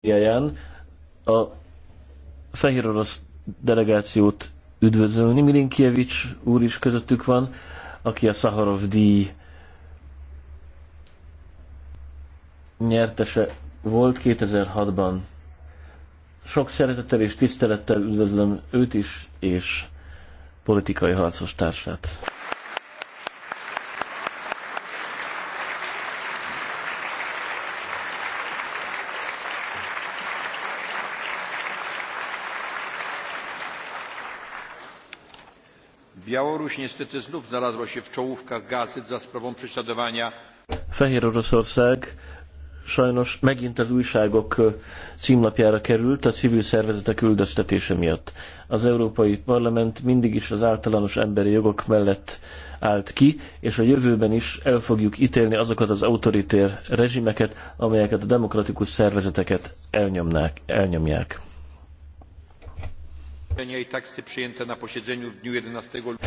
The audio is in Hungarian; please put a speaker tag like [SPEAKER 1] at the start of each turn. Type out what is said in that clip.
[SPEAKER 1] Nigériáján a fehér orosz delegációt üdvözölni. Milinkievics úr is közöttük van, aki a Szaharov díj nyertese volt 2006-ban. Sok szeretettel és tisztelettel üdvözlöm őt is, és politikai harcos társát.
[SPEAKER 2] Białoruś niestety znów znalazła się w czołówkach gazet za sprawą prześladowania.
[SPEAKER 1] Fehér Oroszország sajnos megint az újságok címlapjára került a civil szervezetek üldöztetése miatt. Az Európai Parlament mindig is az általános emberi jogok mellett állt ki, és a jövőben is el fogjuk ítélni azokat az autoritér rezsimeket, amelyeket a demokratikus szervezeteket elnyomnák, elnyomják
[SPEAKER 3] jedenaście
[SPEAKER 1] lutego.